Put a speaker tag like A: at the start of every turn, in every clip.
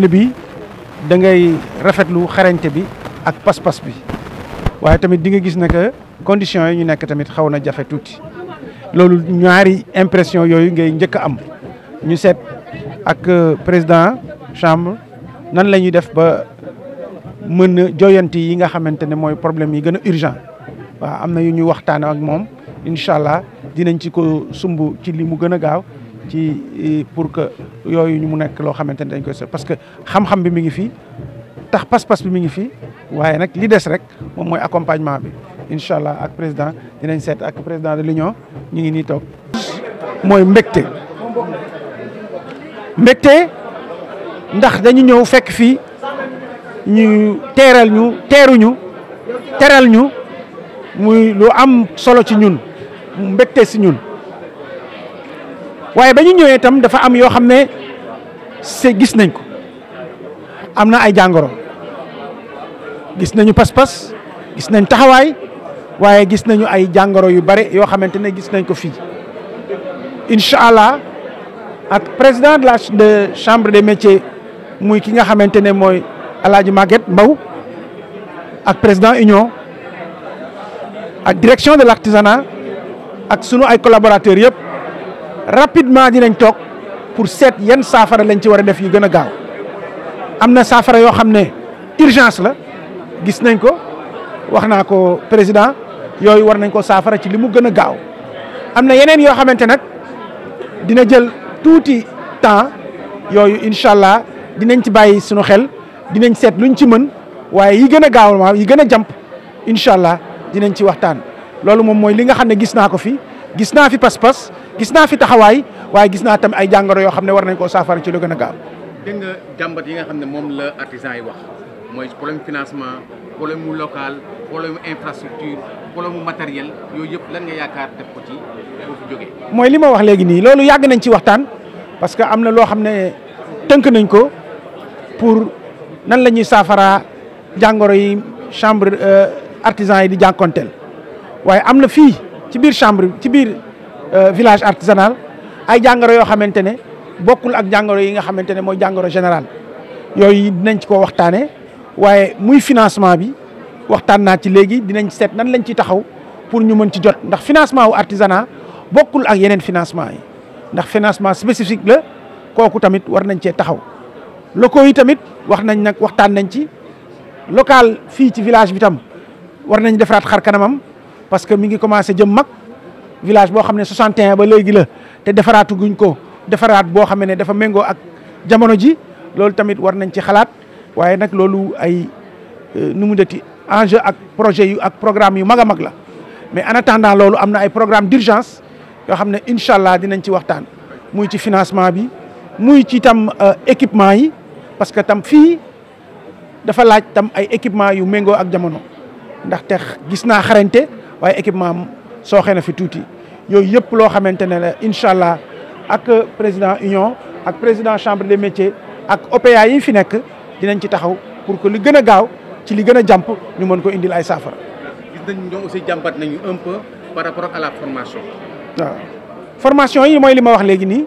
A: bi da ngay rafetlu xarañte bi ak pas-pas bi waaye tamit di nga gis ne que conditions yi ñu nekk tamit xaw na jafe tuuti loolu ñaari impression yooyu ngay njëkk am ñu seet ak euh, président chambre nan la ñuy def ba mën a joyanti yi nga xamante ne mooy problème yi gën a urgent waaw am na yu ñu waxtaan ak moom incha allah dinañ ci ko sumb ci li mu gën a gaaw ci pour que yooyu ñu mu nekk lo xamanteni dañ koy so parce que xam-xam bi mi ngi fi tax pas-pas bi mi ngi fi waye nak li dess rek mom moy accompagnement bi inshallah ak président dinañ seet ak président de l'union ñu ngi ni toog moy mbecté mbecté ndax dañu ñëw fekk fii ñu teeral ñu teeruñu teral ñu muy lu am solo ci ñun mbecté ci ñun waaye ba ñu ñëwee tam dafa am yoo xam ne se gis nañ ko am na ay jàngoro gis nañu pas-pas gis nañ taxawaay waaye gis nañu ay jàngoro yu bare yoo xamante ne gis nañ ko fii incha allah ak président de la chambre des métiers muy ki nga xamante ne mooy Alaaji Maguette Mbaw ak président union ak direction de l'artisanat ak sunu ay collaborateurs yëpp rapidement dinañ tok pour set yan safara lañ ci wara def yu gëna gaaw amna safara yo xamné ne urgence la gis nañ ko waxna ko président yoy war nañ ko safara ci limu gëna gaaw amna yenen yo xamanté nak dina jël touti temps yoy inshallah allah dinañ ci bayyi suñu xel dinañ set luñ ci mën waye yi gëna gaaw ma yi gëna a inshallah allah dinañ ci waxtaan loolu mom moy li nga xamné gis na ko fi gis na fi pas-pas gis naa fi taxawaay waaye gis naa tam ay jàngoro yoo xam ne war nañ koo saafara ci lu gën a gaaw. dégg nga jàmbat yi nga xam ne moom la artisan yi wax mooy problème financement problème mu local problème mu infrastructure mu matériel yooyu yëpp lan nga yaakaar mooy li ma wax léegi nii loolu yàgg nañ ci waxtaan parce que am na loo xam ne tënk nañ ko pour nan la ñuy saafara jàngoro yi chambre euh, artisan yi di jànkonteel waaye am na fii ci biir chambre ci biir. Euh, village artisanal ay jàngaro yoo xamante ne bokkul ak jàngoro yi nga xamante ne mooy jàngoro général yooyu dinañ ci ko waxtaanee waaye muy financement bi waxtaan naa ci léegi dinañ seet nan lañ ci taxaw pour ñu mën ci jot ndax financement wu artisanat bokkul ak yeneen financement yi ndax financement spécifique la kooku tamit war nañ cee taxaw locaux yi tamit wax nañ nag waxtaan nañ ci local fii ci village bi tam war nañ defaraat xar kanamam parce que mi ngi commencé jëm mag village bo xam ne 61 ba léegi la te defaraatu guñ ko defaraat bo ne dafa mengo ak jamono ji lolou tamit war nañ ci xalaat waaye nak lolou ay euh, nu mu dëti enjeu ak projet yu ak programme yu maga a mag la mais en attendant lolou amna ay programme d'urgence yo ne allah dinañ ci waxtaan muy ci financement bi muy ci tam euh, équipement yi parce que tam fi dafa laaj tam ay équipement yu mengo ak jamono te gis na xarañte waye équipement so sooxe fi touti yooyu yëpp loo xamante ne incha allah ak président union ak président chambre des métiers ak OPA yi fi nekk dinañ ci taxaw pour que li gën a gaaw ci li gën a jàmp ñu mën ko indil ay saafara. gis nañ ñoom nañu un peu par rapport à formation. waaw mooy li ma wax léegi nii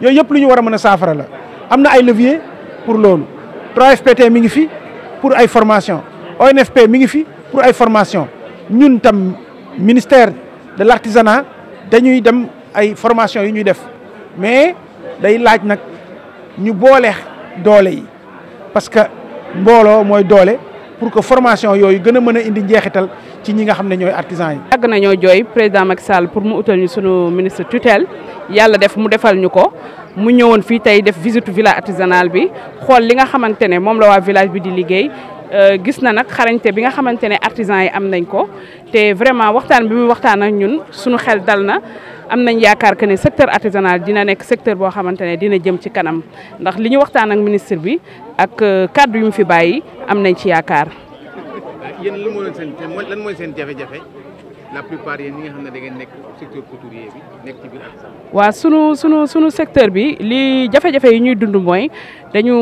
A: yooyu yëpp lu ñu war a mën a saafara la am na ay levier pour loolu 3FPT mi ngi fi pour ay formation ONFP mi ngi fi pour ay formation ñun tam ministère de l'artisanat dañuy dem ay formation yu ñuy def mais day laaj nag ñu booleex doole yi parce que mbooloo mooy doole pour que formation yooyu gën a mën a indi
B: njeexital ci ñi nga xam ne ñooy artisan yi. yàgg na ñoo jooy président Macky Sall pour mu utal ñu sunu ministre tutelle yàlla def mu defal ñu ko mu ñëwoon fii tey def visite village artisanal bi xool li nga xamante ne moom la waa village bi di liggéey. Euh, gis na nag xarañte bi nga xamante ne artisan yi am nañ ko te vraiment waxtaan bi mu waxtaan ak ñun suñu xel dal na am nañ yaakaar que ne secteur artisanal dina nekk secteur boo xamante ne dina jëm ci kanam ndax li ñu waxtaan ak ministre bi ak euh, kàddu yu fi bàyyi am nañ ci yaakaar.
A: yéen lan mooy seen jafe-jafe la plupart yéen nga xam ne da ngeen
B: waaw sunu sunu sunu secteur bi li jafe-jafe yi ñuy dund mooy dañu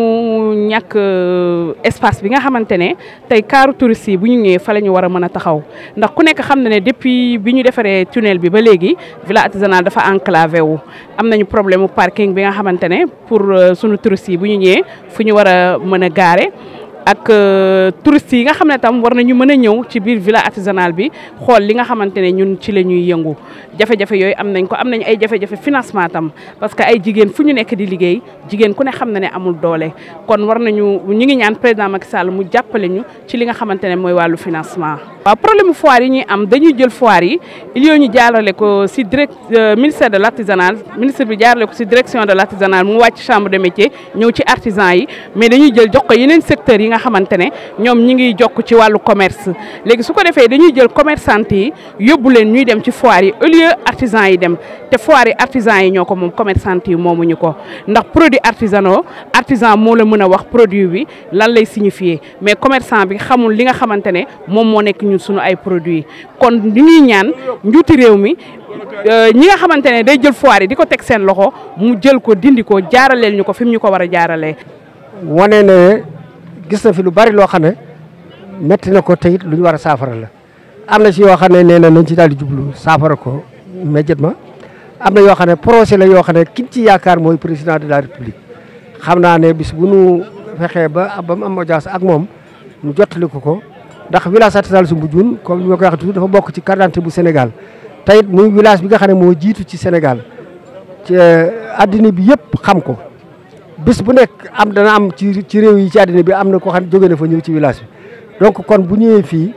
B: ñàkk euh, espace bi nga xamante ne tey kaaru touriste bu ñu ñëwee fa la ñu war a mën a taxaw ndax ku nekk xam na ne depuis bi ñu defaree tunnel bi ba léegi village artisanal dafa enclavé wu. am nañu problème mu parking bi nga xamante ne pour euh, sunu touriste bu ñu ñëwee fu ñu war a mën a gaare. ak euh, touristes yi nga xam ne tam war na mën a ñëw ci biir village artisanal bi xool li nga xamante ne ñun ci la ñuy yëngu jafe-jafe yooyu am nañ ko am nañ ay jafe-jafe financement tam parce que ay jigéen fu ñu nekk di liggéey jigéen ku ne xam ne ne amul doole kon war nañu ñu ngi ñaan président Macky Sall mu jàppale ñu ci li nga xamante ne mooy wàllu financement. waaw problème foire yi ñuy am dañuy jël foire yi il faut jaarale ko si direct euh, ministère de l' artisanal ministre bi jaarale ko si direction de l' artisanal de métier ñëw ci artisan yi mais dañuy nga xamantene ne ñoom ñi ngi jokk ci wàllu commerce léegi su ko defee dañuy jël commerçante yi yóbbu leen ñuy dem ci foire yi au lieu artisan yi dem te foire yi artisan yi ñoo ko moom yi moomuñu ko ndax produit artisanaux artisan moo la mën a wax produit bi lan lay signifier mais commerçant bi xamul li nga xamante ne moom moo nekk ñun suñu ay produit kon ñuy ñaan njuuti réew mi euh, ñi nga xamante ne day jël foire yi di ko teg seen loxo mu jël ko dindi ko jaaraleel ñu ko fi mu ñu ko war a jaaralee.
C: ne gis na fi lu bari loo xam ne métti na ko te lu ñu war a saafara la am na si yoo xam ne nee na nañ ci daal di jublu saafara ko ma am na yoo xam ne projet la yoo xam ne kiñ ci yaakaar mooy président de la république xam naa ne bis bu nu fexee ba ba mu am audience ak moom ñu jottali ko ko ndax village artisanal Soumbédioune comme ni ma ko waxee toujours dafa bokk ci carte d'identité bu Sénégal te it muy village bi nga xam ne moo jiitu ci senegal ci euh, addina bi yëpp xam ko. bis bu nekk am dana am ci ci réew yi ci àddina bi am na ko xam jóge na fa ñëw ci village donc kon bu ñëwee fii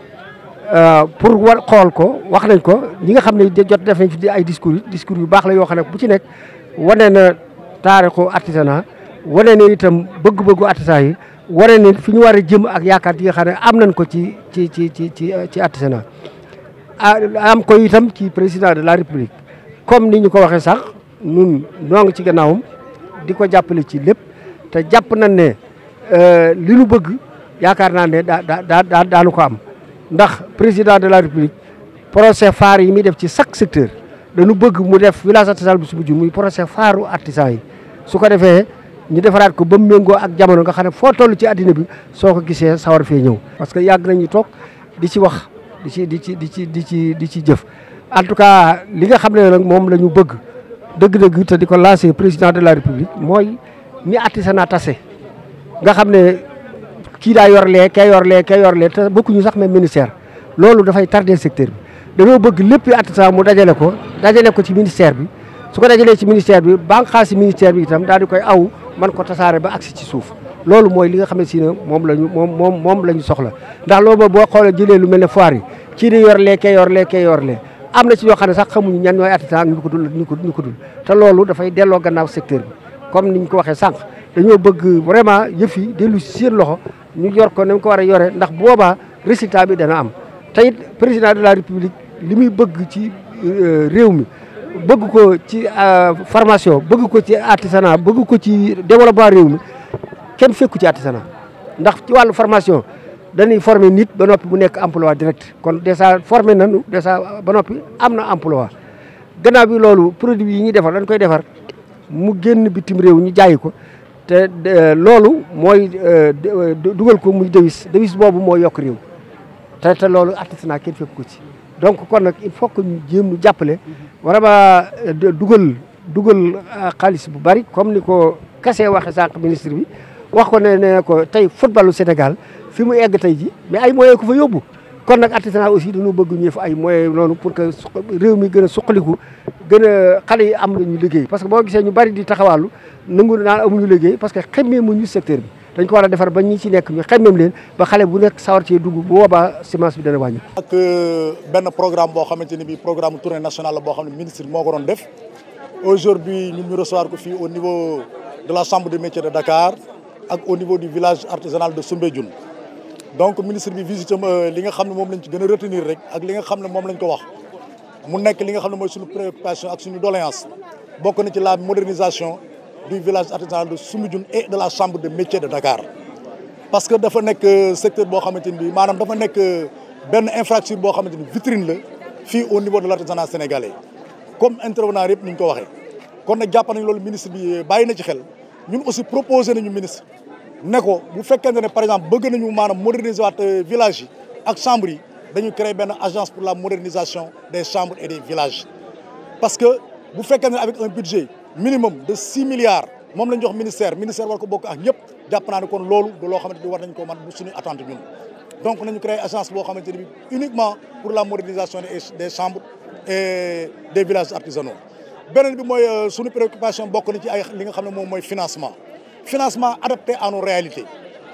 C: euh, pour war xool ko wax nañ ko ñi nga xam ne jot def nañ fi ay discours discours yu baax la yoo xam ne bu ci nekk wane na taarixu artisanat wane na itam bëgg-bëggu artisan yi wane na fi ñu war a jëm ak yaakaar yi nga ne am nañ ko ci ci ci ci ci ci artisanat am ko itam ci président de la république comme ni ñu ko waxee sax ñun ñoo ngi ci gannaawam diko jappale ci lepp te japp nañ ne li lu bëgg yaakar na ne da da da lu ko am ndax président de la république procès phare yi mi def ci chaque secteur dañu bëgg mu def village artisanal bu si muy procès phare artisan yi su ko defé ñu defaraat ko ba mengo ak jamono nga xam fo tollu ci adina bi soko gisé sawar fi ñew parce que yag nañu tok di ci wax di ci di ci di ci di ci di jëf en tout cas li nga xam nak mom lañu bëgg dëgg-dëgg te di ko lancé président de la république mooy ni naa tase nga xam ne kii daa yor lee kee yor lee kee yor lee te bokkuñu sax même ministère loolu dafay tardé secteur bi dañoo bëgg lépp artisan mu dajale ko dajale ko ci ministère bi su ko dajalee ci ministère bi banqaas si ministère bi itam daal di koy aw man ko ba agsi ci suuf loolu mooy li nga xam ne si ne moom lañu moom moom moom la ñu soxla ndax loolu boo xoolee jëlee lu mel ne foire yi kii yor lee kee yor lee yor lee am na ci yoo xam ne sax xamuñu ñan ñooy artisan ñu ko dul ñu ko ñu ko te loolu dafay delloo gannaaw secteur bi comme niñ ko waxee sànq dañoo bëgg vraiment yëf yi dellu si seen loxo ñu yor ko nañ ko war a yore ndax boobaa résultat bi dana am te it président de la république li muy bëgg ci euh, réew mi bëgg ko ci euh, formation bëgg ko ci artisanat bëgg ko ci développement réew mi kenn fekku ci artisanat ndax ci wàllu formation dañuy former nit ba noppi mu nekk emploi direct kon dèjà formé nañu dèjà ba noppi am na emploi gannaaw bi loolu produit yi ñuy defar dañ koy defar mu génn bitim réew ñu jaayi ko te loolu mooy euh, dugal ko muy devise devise boobu mooy yokk réew te te loolu artisanat kenn fekk ko ci donc kon nag il faut que ñu jéem ñu jàppale vraiment euh, dugal dugal euh, xaalis bu bari comme ni ko Kassé waxe sànq ministre bi wax ko ne ne ko tey footballu Sénégal fi mu egg tay ji mais ay moyens ko fa yobbu kon nak artisanat aussi dañu bëgg ñu fa ay moyens noonu pour que réew mi gëna a suqaliku gën a xale yi am nañu liggéey parce que bo gisé ñu bari di nangul na amu ñu liggéey parce que xémé mu ñu secteur bi dañ ko wara défar ba ñi ci nekk ñu xemmeem leen ba xalé bu nekk sawar ci dugg bu woba semence bi dana wañu
D: ak euh, ben programme bo xamanteni bi programme tournée nationale bo boo ministre moko don def aujourd'hui ñu ñu recevoir ko fi au niveau de la chambre de métier de Dakar ak au niveau du village artisanal de Soumbédioune donc ministre bi visite am euh, li nga xam ne moom lañ ci gën a retenir rek ak li nga xam ne moom lañ ko wax mu nekk li nga xam ne suñu préoccupation ak suñu doléance bokk na ci la modernisation du village artisanal de Soumbédioune et de la chambre de métiers de Dakar parce que dafa nekk euh, secteur boo xamante ni bi maanaam dafa nekk euh, benn infrastructure boo xamante ni vitrine la fii au niveau de l'artisanat sénégalais comme intervenant yëpp ni ñu ko waxee kon nag jàpp nañ loolu ministre bi bàyyi na ci xel ñun aussi proposé nañu ministre par exemple si nañu maanaam moderniser waat euh, village yi ak chambres yi une agence pour la modernisation des chambres et des villages parce que bu nous avons avec un budget minimum de 6 milliards nous avons le ministère ministère de ko bokk ak ñëpp que nous ne kon loolu nous avons xamante ni war nañ ko agence uniquement pour la modernisation des chambres et des villages artisanaux Nous bi une euh, préoccupation pour le financement financement adapté à nos réalités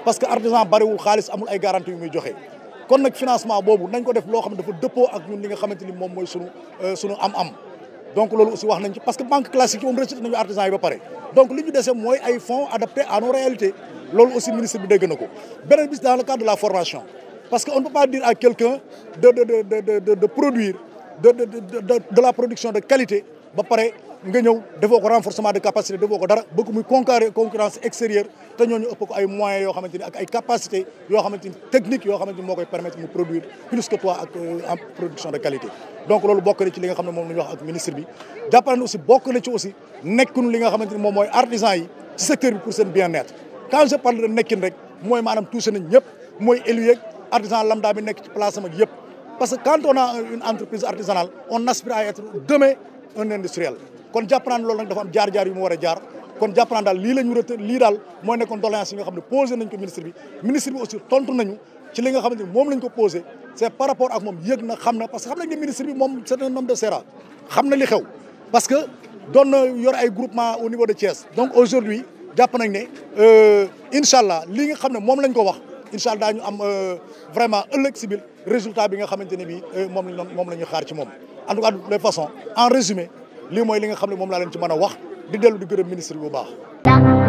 D: parce que artisan bariwul pas amul garantie yu muy joxe kon financement boobu nañ ko def loo xam dafa dépôt ak ñun li nga euh, am-am donc aussi wax nañ parce que banque classique classiques moom rejeté nañu artisan yi ba donc ce ñu dese ay fonds adaptés à nos réalités c'est aussi ministre bi dégg na ko dans le cadre de la formation parce qu'on ne peut pas dire à quelqu'un de de de de de de produire de de de de la production de qualité ba pare nga ñëw defoo ko renforcement de capacité defoo ko dara bëgg muy concurrence concurrence extérieure te ñooñu ëpp ko ay moyens yo xamante ak ay capacité yo xamante technique yo xamante mo koy permettre mu produire plus que toi ak euh, en production de qualité donc lolu bokk na ci li nga xam mom moom ñu wax ak ministre bi jàppale ne aussi bokk na ci aussi nekkunu li nga xamante mom moy artisan yi ci secteur bi pour seen bien-être quand je parle de nekkin rek moy manam touché nañ ñëpp moy élu yeeg artisan lambda bi nekk ci place am ak yëpp parce que quand on a une entreprise artisanale on aspire à être demain un industriel kon jàpp naa ne loolu nag dafa am jaar-jaar yu mu war jaar kon japp naa daal lii la ñu rete lii daal mooy nekkoon doléance yi nga xam ne posé nañ ko ministre bi ministre bi aussi tontu nañu ci li nga xamante ni moom lañ ko posé c'est par rapport ak moom yëg na xam na parce que xam nañ ne ministre bi moom c'est un homme de Sera xam na li xew parce que doon na yor ay groupement au niveau de Thiès donc aujourd'hui japp nañ ne euh, incha allah li nga xam ne moom lañ ko wax incha allah daañu am euh, vraiment ëllëg si résultat bi nga xamante ne bi euh, moom lañ moom la ñu xaar ci moom en tout cas en résumé ce
A: que li nga xam